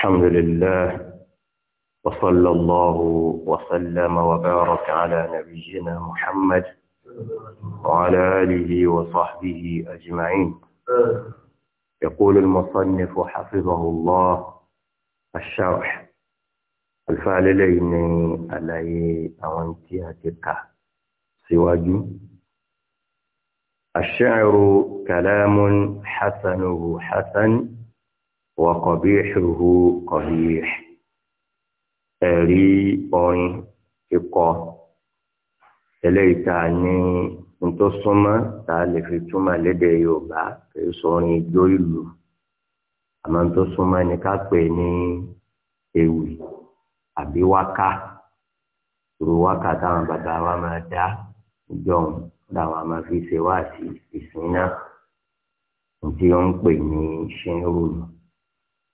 الحمد لله وصلى الله وسلم وبارك على نبينا محمد وعلى آله وصحبه أجمعين يقول المصنف حفظه الله الشرح الفعل لين علي أونتياتك سواج الشعر كلام حسنه حسن وقبيحه قبيح ẹ̀rí orin kíkọ eléyìí ịkọ. a ní nítorí súnmọ́ tá a lè fi túmọ̀ lédè Yorùbá kì na sọrin ijó ìlú àmọ́ nítorí súnmọ́ ni ká pè ní ewì àbí wákà ìrù wákà táwọn bàbá wa máa dá fi ṣe ìsìn náà tí ń pè ní ṣẹ́ńrù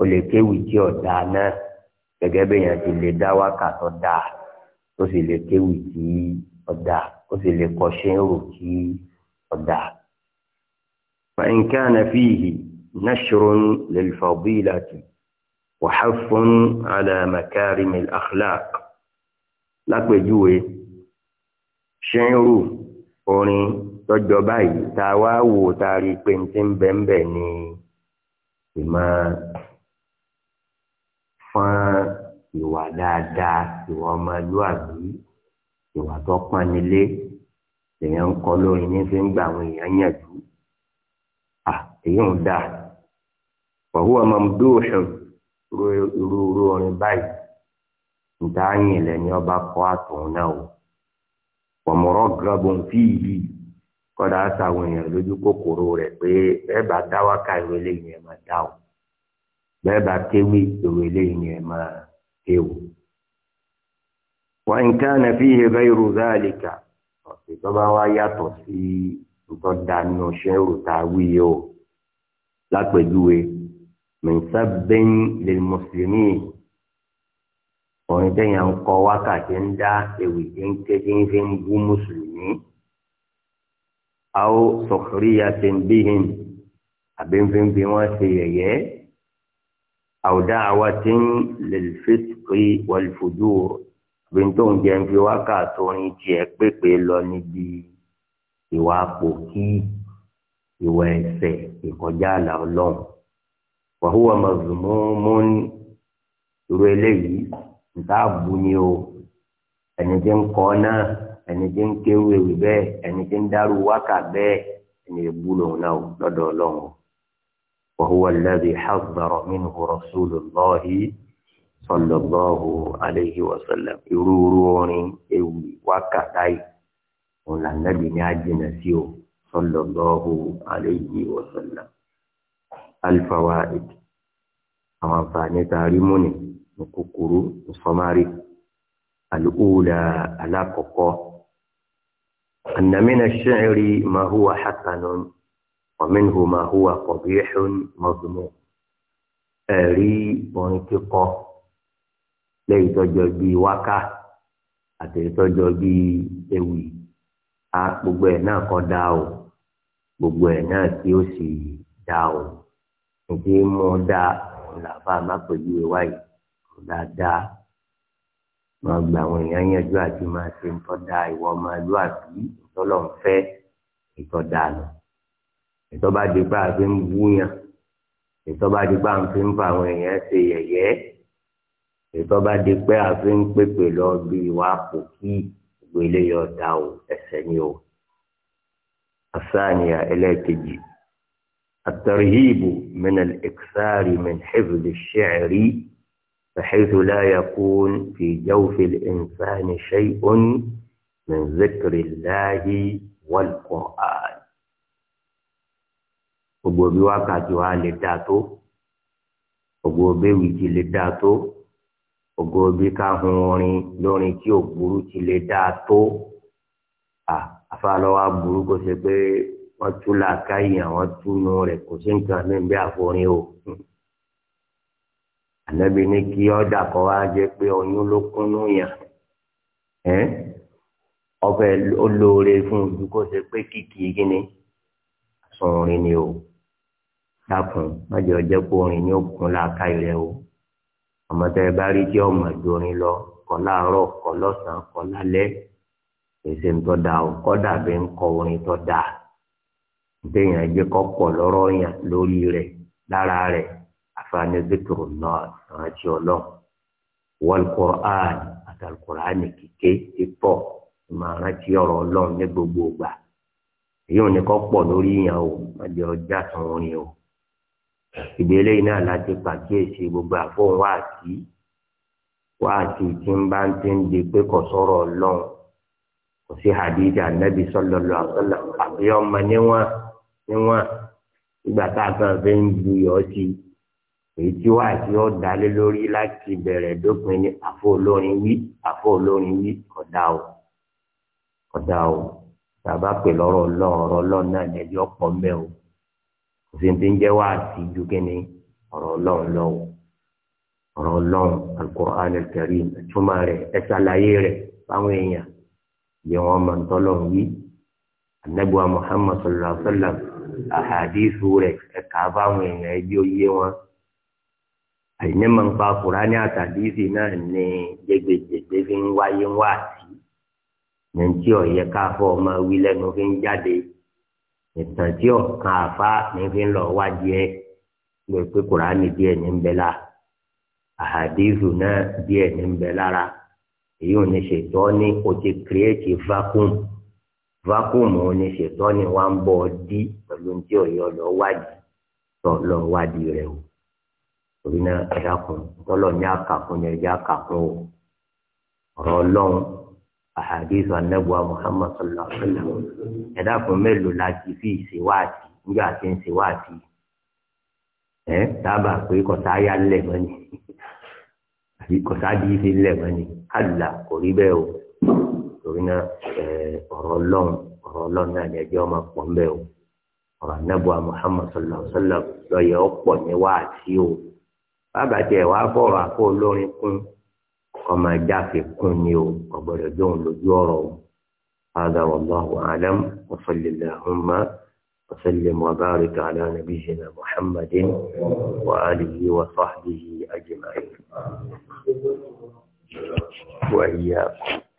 o lè kéwì tí ọ̀dà náà gẹ́gẹ́ bí èèyàn ti lè dá wákàtọ̀ dá o sì lè kéwì tí ọ̀dà o sì lè kọ́ ṣẹ́rù tí ọ̀dà. فإن كان فيه نشر للفضيلة وحف على مكارم الأخلاق lápèjúwe ṣẹ́ńrù orin tọjọ báyìí tá a wá wò tá a rí i pé n ti ń bẹ́ẹ̀ bẹ́ẹ̀ ni ìmọ̀ ìwà dáadáa ìwà ọmọlúwàbí ìwà tó pánilé èèyàn ń kọ́ lórin ní fi ń gba àwọn èèyàn yànjú à èyí ń dà wàhùwà mamdúhùn irú irú orin báyìí níta yìn lẹ́ni ọba kọ́ àtọ̀hún náà o pọ̀mọ́rọ́ gàbọ̀n fíìyì kọ́dà sáwọn èèyàn lójú kòkòrò rẹ̀ pé bẹ́ẹ̀ bá dáwákà ìrọ̀lẹ́ yìí ẹ̀ máa dá o bẹ́ẹ̀ bá kéwì ìrọ̀lẹ́ yìí ẹ̀ máa èwò wa in kana fihi ghayru dhalika ọ̀sẹ̀ tó bá wá yàtọ̀ sí nǹkan dànù ṣẹ́rù tá a wí o lápẹ̀júwe min sabbin lil muslimin ọ̀rìn tẹ̀yà ń kọ wákàtí ń dá ewì kéńkéńké ń fi ń bú mùsùlùmí aw sukhriyatin bihim àbí ń fi ń fi wọ́n ṣe yẹ̀yẹ́ aw da'watin lil fit zikri wal fujur bíntò ń jẹun fi wákàtí orin tiẹ̀ pépè lọ níbi ìwà pòkí ìwà ẹ̀ṣẹ̀ ìkọjá àlà Ọlọ́run wàhùwà mazmumun irú eléyìí nta bu ni o ẹni tí ń kọ náà ẹni tí ń kéwèwè bẹ́ẹ̀ ẹni tí ń dárú wákà bẹ́ẹ̀ ẹni ebu lòun náà lọ́dọ̀ Ọlọ́run wàhùwà alladhi hazzara minhu rasulullahi sallallahu alayhi wa sallam irúurú orin ewì wákàtá yìí òun là nàbì ní àjìnà sí o sallallahu alayhi wa sallam al-fawaid àwọn àǹfààní tá a rí mú ni ní kúkúrú ní sọmárì ma huwa hasanun wa minhu huwa qabihun mazmum ẹ̀rí orin kíkọ́ lẹ́yìn tọ́jọ́ bíi wákà àtẹ̀yìn tọ́jọ́ bíi ewì a gbogbo ẹ̀ náà kọ́ dá o gbogbo ẹ̀ náà tí ó sì dá o ìdí mú dá làbá má pẹ̀lú ìwà yìí kò dáadáa máa gba àwọn èèyàn yanjú àti máa ṣe ń tọ́ da ìwọ máa lú àbí ìtọ́lọ̀ ń fẹ́ ìtọ́ da nù ìtọ́ bá di pé a fi ń wúyàn ìtọ́ bá di pé a fi ń fa àwọn èèyàn ṣe yẹ̀yẹ́ ètò bá di pé àfi ń pèpè lọ bí ìwà kò kí gbogbo eléyọ̀ dá o ẹsẹ̀ ni o àsáàníyà ẹlẹ́ẹ̀kejì àtàríhìbù mìíràn ìksáàrì mìíràn hìfìlì ṣẹ́ẹ̀rí بحيث لا يكون في جوف الإنسان شيء من ذكر الله والقرآن gbogbo bí wákàtí wa lè dáa tó wìkì lè dáa ògo bí ká hun orin lórin tí ò burú ti lè dáa tó àfàlọ́wọ́ burú kó ṣe pé wọ́n tú làákàyè àwọn túnú rẹ̀ kò sí nǹkan mi bí àforin o. ànábi ní kí ọ̀dà kọ́ wá jẹ́ pé oyún ló kúnnú yàn ọbẹ̀ olóore fún ojú kó ṣe pé kìkì gíní sọ̀rin ni o dákun má jẹ́ ọjẹ́ kó orin ní òkun làákàyè rẹ o àmọ́tẹ́ ẹ bá rí tí ọmọ ìdorin lọ kọ́ láàárọ̀ kọ́ lọ́sàn-án kọ́ lálẹ́ èsì ń tọ́ da o kọ́dà bí ń kọ orin tọ́ da déèyàn jẹ́ kọ́ pọ̀ lọ́rọ́ yàn lórí rẹ̀ lára rẹ̀ àfààní zikiru náà rántí ọlọ́run wal-Qur'an àtàlùkùrán kìké ti pọ̀ ìmọ̀ rántí ọ̀rọ̀ ọlọ́run ní gbogbo ìgbà èyí ò ní kọ́ pọ̀ lórí yàn o má jẹ́ ọjà tán orin o. ìdí eléyìí náà láti pàkíyèsí gbogbo àfọ̀hún wá sí wá sí tí ń bá ń ti ń di pé kò sọ̀rọ̀ kò sí hadith anabi sallallahu alaihi àbí ọmọ níwọ̀n níwọ̀n ìgbà tá a fi ń bu yọ sí lórí láti dópin ní wí òsèǹtẹ̀ ń jẹ́ wá àti ju kínní ọ̀rọ̀ ọlọ́run lọ́wọ́ ọ̀rọ̀ ọlọ́run alukur'an al-karim ẹ̀túmọ̀ rẹ̀ ẹ̀sàlàyé rẹ̀ fáwọn èèyàn yẹ wọn máa ń tọ́lọ́run yìí anabuwa muhammad sallallahu alaihi wa sallam ahadisu rẹ̀ ẹ̀ka fáwọn èèyàn ẹbí oyé wọn àyìnbó máa ń fa kùránì àtàdísì náà ní jẹgbẹjẹgbẹ fi ń wáyé wá àti nàìjíríà yẹ káfọ́ máa wí lẹ́nu fi ń jáde ìtàn tí ọ̀kan àfa ní fi ń lọ wádìí ẹ lè pé kùránì díẹ̀ ní ń bẹ la àhàdíìsù náà díẹ̀ ní ń bẹ lára èyí ò ní ṣètọ́ ní o ti kírẹ́ẹ̀tì vacuum vacuum ò ní ṣètọ́ ní wá ń bọ̀ dí pẹ̀lú tí ọ̀yọ́ lọ wádìí tọ́ lọ wádìí rẹ o torí náà ẹ̀dá kan tọ́lọ̀ ní àkàkùn ní ẹ̀dá àkàkùn o ọ̀rọ̀ ọlọ́run àhàdìsọ anábùwà muhammad sallallahu alaihi wa sallam ẹ̀dá kan mélòó la ti fi ìṣèwádìí níjọ́ àti ìṣèwádìí ẹ̀ dábà pé kọ̀sáyà lẹ̀ mọ́ni àbí kọ̀sáyà ti lẹ̀ mọ́ni kálá kò rí bẹ́ẹ̀ o torí náà ọ̀rọ̀ ọlọ́run ọ̀rọ̀ ọlọ́run náà ni ẹjọ́ máa pọ̀ mbẹ́ o ọ̀rọ̀ anábùwà muhammad sallallahu lọ́yẹ̀ ọ̀pọ̀ ní wáàtí o bàbá tiẹ̀ wá fọ̀rọ̀ àfọ̀ olórin kún ọmọ ẹja fi kún ni o ọgbọdọ jóun lójú ọ̀rọ̀ هذا والله أعلم وصل اللهم وسلم وبارك على نبينا محمد وآله وصحبه أجمعين وإياكم